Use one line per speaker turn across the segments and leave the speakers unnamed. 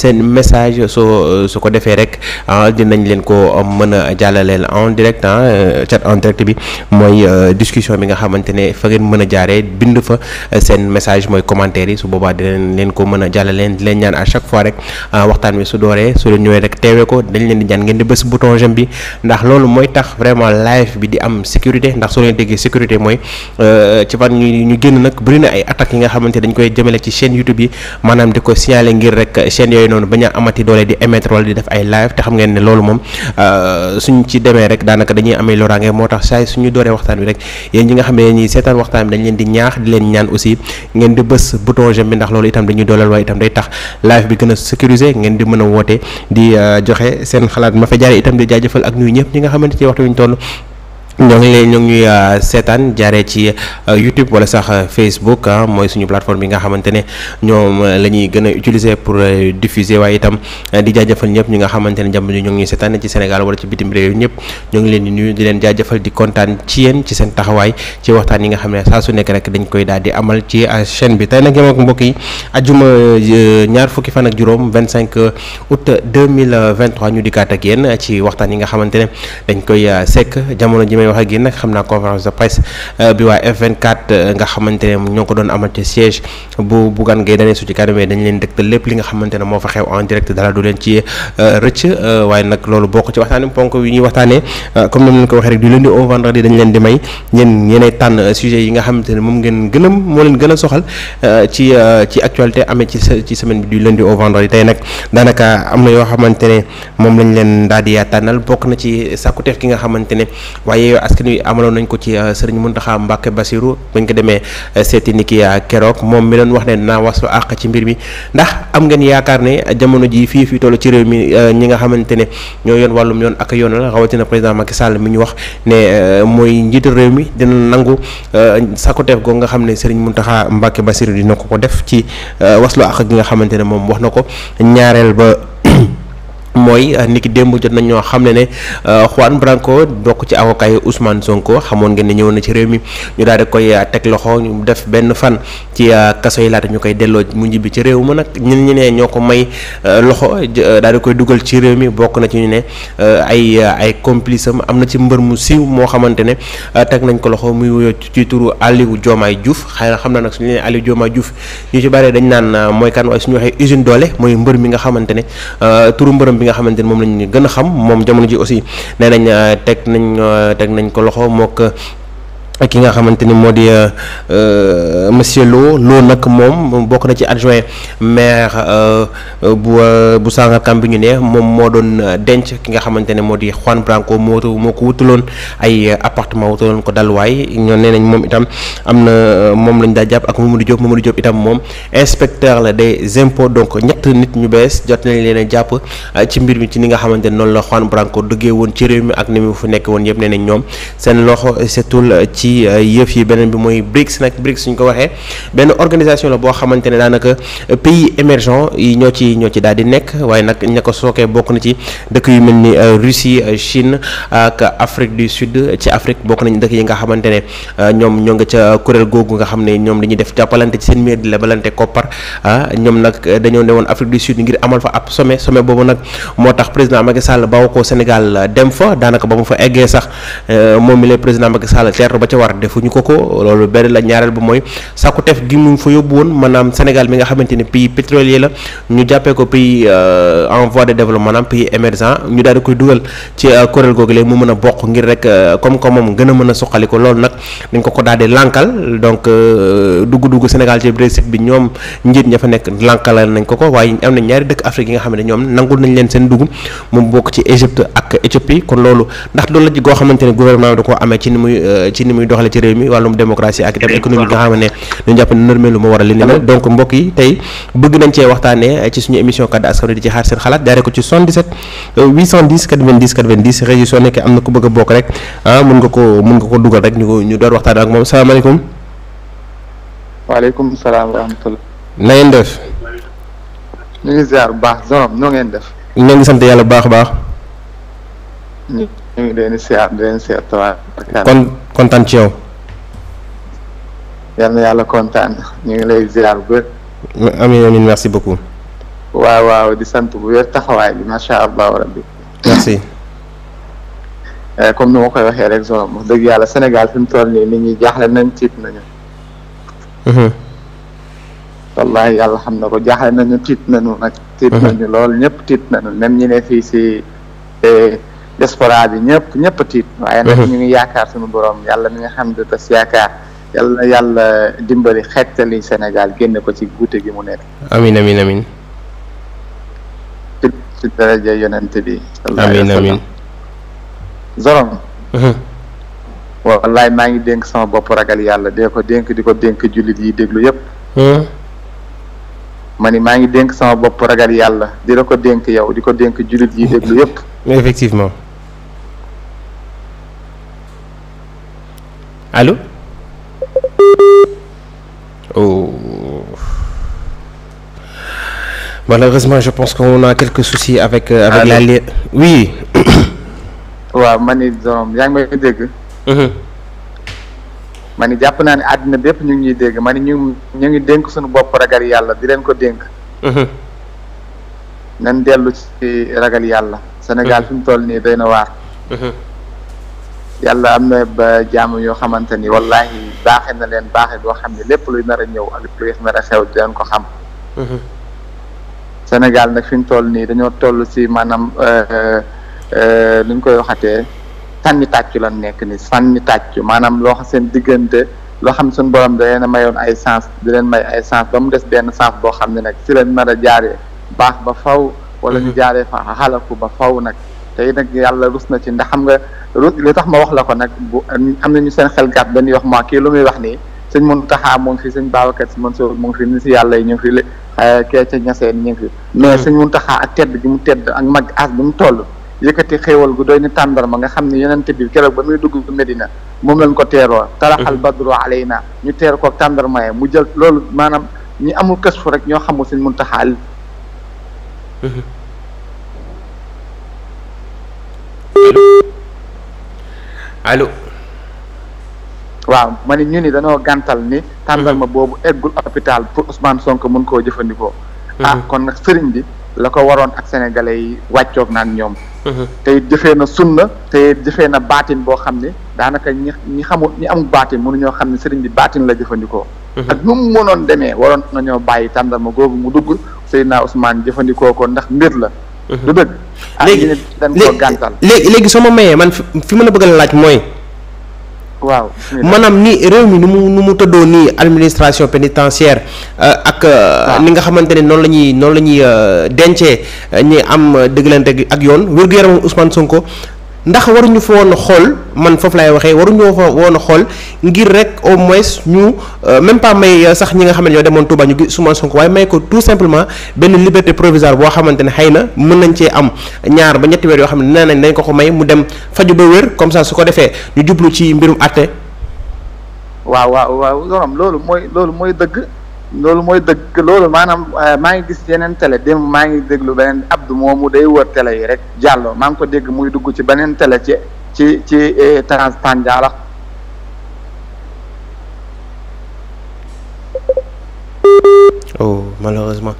seen message soo su ko defee rek ah, dinañ leen ko mën a jàllaleel en direct ah, chat en direct bi mooy euh, discussion bi nga xamante ne fa ngeen mën a jaaree bind fa euh, seen message mooy commentaire yi su boobaa dinañ leen ko mën a jàllaleen di leen ñaan à chaque fois rek ah, waxtaan wi su dooree su leen ñëwee rek teewee ko dañ leen di ñaan ngeen di bës bouton j'aime bi ndax loolu mooy tax vraiment live bi di am sécurité ndax soo leen déggee sécurité mooy euh, ci fan ñu ñu génn nag bëri na ay attaques yi nga xamante dañ koy jëmale ci chaîne YouTube yi maanaam di ko signaler noonu bañ a amati doole di émettre wala di def ay live te xam ngeen ne loolu moom euh, suñ ci demee rek daanaka dañuy amee loraange moo tax saay suñu dooree waxtaan bi rek yéen ñi nga xam ne ñi seetaan waxtaan bi dañ leen di ñaax di leen ñaan aussi ngeen di bës bouton j'aime bi ndax loolu itam dañuy dooleel waaye itam day tax live bi gën a sécuriser ngeen di mën a woote di euh, joxe seen xalaat ma fa jaare itam di jaajëfal ak ñuy ñëpp ñi nga xamante ci waxtu ñu toll ñoo leen ñoo ngi ñuy euh, seetaan jaaree ci euh, YouTube wala sax euh, Facebook ah, mooy suñu plateforme bi nga xamante ne ñoom la ñuy gën a utiliser pour diffuser waaye itam di jaajëfal ñëpp ñi nga xamante ne jamono ñoo ngi ñuy seetaan ci Sénégal wala ci bitim réew ñëpp ñoo ngi leen di nuyu di leen jaajëfal di kontaan ci yéen ci seen taxawaay ci waxtaan yi nga xam ne saa su nekk rek dañ koy daal di amal ci chaîne bi te nag yem mbokk yi ajuma ñaar fukki fan ak juróom 25 août 2023 ñu dikkaat ak yéen ci waxtaan yi nga xamante ne dañ koy sekk jamono ji may wax ak yéen nag xam naa conférence de presse euh, bi waa F24 euh, nga xamante ne ñoo ko doon amal ci siège bu Bougane Gueye Dany su ci kanamee dañ leen dëgtal lépp ne moo fa xew en direct dara du leen ci euh, rëcc waaye di may ñeen ñeenay tànn sujet yi nga xamante ne moom ngeen gën a moo leen a soxal ci actualité amee ci semaine bi du lundi au vendredi tey nag daanaka am na yoo xamante ne moom lañ leen daal di yaa tànnal bokk na ci sàkkuteef ki nga xamante ne waaye askan wi amaloon nañ ko ci euh, sëriñ Mountakha Mbacké Bassirou bañ ko demee euh, seeti ni ki euh, keroog moom mi wax ne naa waslu àq ci mbir mi ndax am ngeen yaakaar ne jamono ji fii fi toll ci réew mi ñi nga xamante ne ñoo yoon wàllum yoon ak yoon la rawatina président Macky Sall mi ñu wax ne mooy njiitu réew mi dina nangu sakkuteef goo nga xam ne sëriñ Mountakha Mbacké Bassirou dina ko ko def ci waslu àq gi nga xamante ne moom wax na ko ñaareel ba mooy euh, niki démb jot nañ ñoo xam ne ne euh, Juan Branco bokk ci avocat yi Ousmane Sonko xamoon ngeen ne ñëw na ci réew mi ñu daal di koy euh, teg loxo ñu def benn fan ci kaso laata ñu koy delloo mu ñibbi ci réew ma nag ñun ñu ne ñoo ko may loxo daal koy dugal ci réew mi bokk na ci ñu ne ay ay complice am am na ci mbër mu siiw moo xamante ne teg nañ ko loxo muy wuyoo ci turu Aliou Diomaye Diouf xëy na xam naa nag suñu ne Aliou Diomaye Diouf ñu ci bëree dañ naan mooy kan waaye ñu waxee usine doole mooy mbër mi nga xamante ne turu mbërëm bi nga xamante ni moom lañ gën a xam moom jamono ji aussi nee nañ euh, teg nañ euh, teg nañ ko loxo mook ki nga xamante ni moo di euh, euh, monsieur Lo Lo nag moom bokk na ci adjoint maire euh, bu bu Sangalkam bi ñu ne moom moo doon denc ki nga xamante ne moo di Juan Branco moo moo ko wutaloon ay appartement wutaloon ko dalwaay ñoo nee nañ moom itam am na moom lañ daa jàpp ak Mamadou Diop Mamadou Diop itam moom inspecteur la de impôts donc ñett nit ñu bees jot nañ leen jàpp ci mbir mi ci ni nga xamante ne noonu la Juan Branco duggee woon ci réew mi ak ni mu fu nekk woon yëpp nee nañ ñoom seen loxo setul ci ci euh, yëf yi beneen bi mooy BRICS nag BRICS suñ ko waxee benn organisation la boo xamante ne daanaka euh, pays émergents yi ñoo ci ñoo ci daal di nekk waaye nag ña ko sookee bokk na ci dëkk yu mel ni euh, Russie Chine ak Afrique du Sud ci Afrique bokk nañ dëkk yi nga xamante ne ñoom ñoo nga ca kuréel googu nga xam ne ñoom li def jàppalante ci seen miir di la balante koppar ah ñoom nag dañoo ne woon Afrique du Sud ngir amal fa ab sommet sommet boobu nag moo tax président Macky Sall ba ko Sénégal dem fa daanaka ba mu fa eggee sax moom mi lay président Macky Sall teer ba ca war defuñu ko ko loolu benn la ñaareel ba mooy sàkkuteef gi mu fa yóbbu woon maanaam Sénégal mi nga xamante ni pays pétrolier la ñu jàppee ko pays euh, en voie de développement maanaam pays émergent ñu daal di koy dugal ci euh, kuréel googu mu mën a bokk ngir rek comme comme moom gën a mën a suqali ko loolu nag dañ ko ko daal lànkal donc euh, dugg-dugg Sénégal ci Brexit bi ñoom njiit ña fa nekk lànkalal nañ ko ko waaye am na ñaari dëkk Afrique yi nga xam ne ñoom nangul nañ leen seen dugub mu doxale ci réew mi wàllum démocratie ak itam économie nga xam ne jàpp ne normé lu ma waral li ni mel donc mbokk yi tey bëgg nañ cee waxtaanee ci suñu émission kaddu askan wi di ci xaar seen xalaat jaaree ko ci 77 810 90 90 régi soo nekkee am na ko bëgg bokk rek ah mun nga ko mun nga ko dugal rek ñu ñu door waxtaan ak moom salaamaaleykum
waaleykum salaam wa rahmatullah na ngeen def ñu ngi bu baax zorom ñoo ngeen def
ñoo ngi sant yàlla bu baax a baax
ñu ngi leen ni siyaar di leen siyaar tawaar
kon kontaan ci yow.
yal yàlla kontaan ñu ngi lay ziar bu wér.
amiin amiin merci beaucoup.
waaw waaw di sant bu wér taxawaay bi macha allah rabbi. merci. Eh, comme ni ma koy waxee rek zone wax dëgg yàlla senegal fi mu toll nii nit ñuy jaaxle nañ tiit nañu. Mhm. wallahi yàlla xam na ko jaaxle nañu tiit nañu nag. Mhm. tiit ñëpp tiit nañu même ñi ne fii si. Eh, diaspora bi ñëpp ñëpp a tiit waaye nag mhm. ñu ngi yaakaar suñu boroom yàlla mi nga xam ne tas yaakaar yàlla yàlla dimbali xettali Sénégal génn ko ci guute gi mu nekk
amin amin amin
ci ci daraja yonent bi amin amin zorom mhm. wallaay maa ngi dénk sama bopp ragal yàlla dee ko dénk di ko dénk jullit yi déglu yépp mhm. ma ni maa ngi dénk sama bopp ragal yàlla di ko dénk yow di ko dénk jullit yi déglu yépp
effectivement alo oh malheureusement je pense qu'on a quelques soucis avec euh, avec la li oui
waaw ma ni doom yaa ngi may dégg mhm. ma ni jàpp naa ni àddina bépp ñu ngi dégg ma ni ñu ñu ngi dénk suñu bopp ragal yàlla di leen ko dénk mhm. nan dellu ci ragal yàlla Sénégal mhm. fi mu toll nii day na waar yàlla am na ba jàmm yoo xamante ni wallahi baaxe na leen baaxe boo xam ne lépp luy nar a ñëw ak luy nar a xew dinañ ko xam mhm. Sénégal nag fi ñu toll nii dañoo toll si maanaam lu euh, euh, ñu koy waxatee sànni tàccu lan nekk ni sànni tàccu maanaam loo xam seen diggante loo xam suñu borom da leen mayoon ay chance di leen may ay chance ba mu des benn chance boo xam ne nag ci leen nar a jaaree baax ba faw wala ñu mhm. jaare fa xalaku ba faw nag tey nag yàlla rus na ci ndax xam nga lu tax ma wax la ko nag bu am na ñu seen xel gàtt dañuy wax ma kii lu muy wax nii sëñ Mountakha taxaa ngi fi sëñ Babacar Sy Mansour mu ngi fi si yàlla ñu ngi fi le eh, kee hmm. sëñ Mountakha ak tedd gi mu tedd ak mag as bi mu toll yëkkati xéewal gu doy ni tàndarma nga xam ne yonente bi keroog ba muy dugg Medina moom lañ ko teeroo hmm. taraxal badru alayna ñu teer koog tàndarma yi mu jël loolu maanaam ñi amul kës fu rek ñoo xamul sëñ Mountakha hmm. li allo. waaw ma ne ñu ni dañoo gàntal ni. tàndal ma mhm. boobu eggul hôpital pour Ousmane Sonko mun koo jëfandikoo. Mhm. ah kon nag sëriñ bi la ko waroon ak sénégalais yi wàccoog naan ñoom. Mhm. te it jëfee na sunna te jëfe na baatin boo xam ne daanaka ñi ñi xamul ñi am baatin mënuñoo xam ne sëriñ bi baatin la jëfandikoo. ak nu mu mënoon demee waroon nañoo bàyyi tàndal ma googu mu dugg Seydina Ousmane jëfandikoo ko ndax mbir la. du Ah, léegi léegi
léegi soo ma mayee man fi ma la bëgg a laaj mooy. waaw maanaam ni réew mi nu mu nu mu tëddoo nii administration pénitentiaire euh, ak euh, ah. ni nga xamante ne noonu la ñuy noonu la ñuy euh, dencee ñi am dëgglante ak yoon wér-gu-yaramam Ousmane Sonko ndax waruñu fa woon xool man foofu lay waxee waruñu fa woon a xool ngir rek au moins ñu euh, même pas may euh, sax ñi nga xam ne ñoo demoon Touba ñu gis Ousmane Sonko waaye may ko tout simplement benn liberté provisoire boo xamante ne xëy na mën nañ cee am ñaar ba ñetti weer yoo xam ne nee nañ dañ ko ko may mu dem faju ba wér comme ça su ko defee ñu jublu ci mbirum àtte.
waaw waaw waaw loolu mooy loolu mooy dëgg. loolu mooy dëgg loolu maanaam euh, maa ngi gis yeneen tele démb maa ngi déglu beneen Abdou moomu day wër tele yi rek jàlloo maa ngi ko dégg muy dugg ci beneen tele ci ci ci euh, trans Tandiala
oh malheureusement.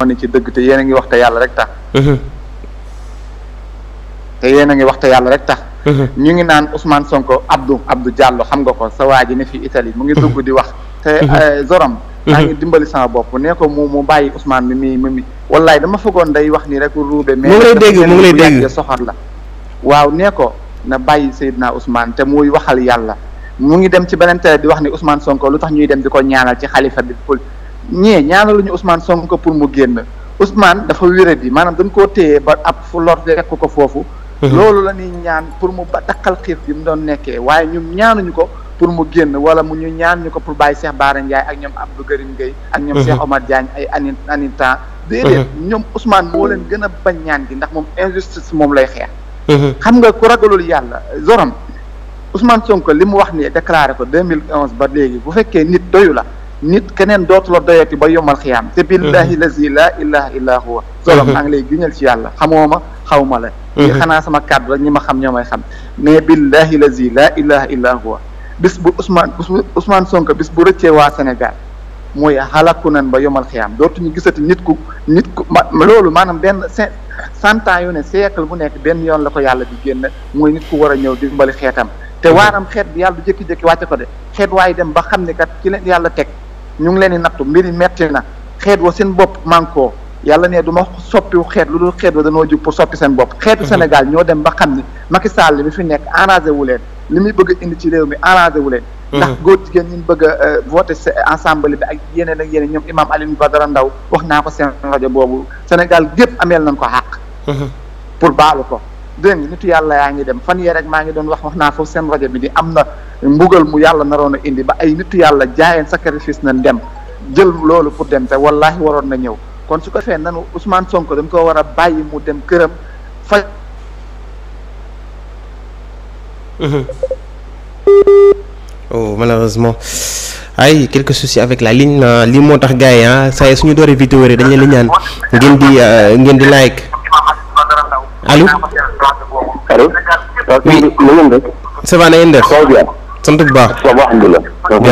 moo ne ci dëgg te yéen a ngi wax te yàlla rek tax. Mm-hmm. te yéen a ngi wax te yàlla rek tax. Mm-hmm. ñu ngi naan Ousmane Sonko Abdou Abdou Diallo xam nga ko sa waa ji ne fii Italie mu ngi dugg di wax te mhm. eh, Zoram. Mhm. maa ngi dimbali sama bopp nee ko mu mu bàyyi Ousmane mi mi mi mi wallaay dama fëggoon day wax nii rek ruube. mu ngi lay dégg mu ngi lay dégg soxor la. waaw nee ko na bàyyi Seydina Ousmane te muy waxal yàlla mu ngi dem ci beneen télé di wax ni Ousmane Sonko lu tax ñuy dem di ko ñaanal ci xalifa bi pour ñee ñaanaluñu Ousmane Sonko pour mu génn Ousmane dafa wéradi maanaam dañ koo téye ba ab fu lor fekk ko foofu. Mhm. loolu la ñuy ñaan pour mu ba takkal xiif bi mu doon nekkee waaye ñun ñaanuñu ko. pour mu génn wala mu ñu ñaan ñu ko pour bàyyi Cheikh Bara Ndiaye ak ñoom Abdou Karim Gueye ak ñoom mhm. Cheikh Omar Diagne ay ani anitan déedéet mhm. ñoom Ousmane moo leen gën a bañ ñaan gi ndax moom injustice moom lay xeex mhm. xam nga ku ragalul yàlla zorom Ousmane Sonko li mu wax nii déclaré ko deux mille onze ba léegi bu fekkee nit doyu la nit keneen dootu la doyati ba yomal xiyaam te billahi lazi la ilaha illa huwa solom maa ngi lay giñal ci yàlla xamoo ma xaw la li xanaa sama kàddu rek ñi ma xam ñoo may xam mais billahi lazi la ilaha illa huwa bis bu Ousmane Ousmane Sonko bis bu rëccee waa Sénégal mooy xalaku nan ba yomal xiyaam dootuñu gisati nit ku nit ku ma loolu maanaam benn cent ans yu ne siècle bu nekk benn yoon la ko yàlla di génn mooy nit ku war a ñëw di mbali xeetam te mhm. waaram xeet bi yàlla du jékki-jékki wàcce ko de xeet waaye dem ba xam ne kat ci leen yàlla teg ñu ngi leen di nattu mbiri metti na xeet wa seen bopp mànkoo yàlla ne du ma soppiwu xeet lu dul xeet wa danoo jug pour soppi seen bopp xeetu mhm. Sénégal ñoo dem ba xam ni Macky Sall mi fi nekk arrangé wu leen li muy bëgg indi ci réew mi arrangé wu leen mm-hmm. ndax góor jigéen ñun bëgg a euh, voté euh, ensemble bi ak yeneen ak yeneen ñoom imam Alioune Badara Ndaw wax naa ko seen rajo boobu Sénégal gépp ameel nañ ko xàq mm-hmm. pour baalu ko dégg nga nitu yàlla yaa ngi dem fan yee rek maa ngi doon wax wax naa foofu seen rajo bi ni am na mbugal mu yàlla naroon a indi ba ay nitu yàlla jaayeen sacrifice nañ dem jël loolu pour dem te wallaahi waroon na ñëw kon su ko fee nanu Ousmane Sonko war a bàyyi mu dem këram
oh malheureusement ay quelques soucis avec la ligne euh, lii moo tax gars yi ah saa suñu dooree vidéo rek dañ leen di ñaan ngeen di euh, ngeen di like allo. allo. oui na ngeen def. sant bu baax.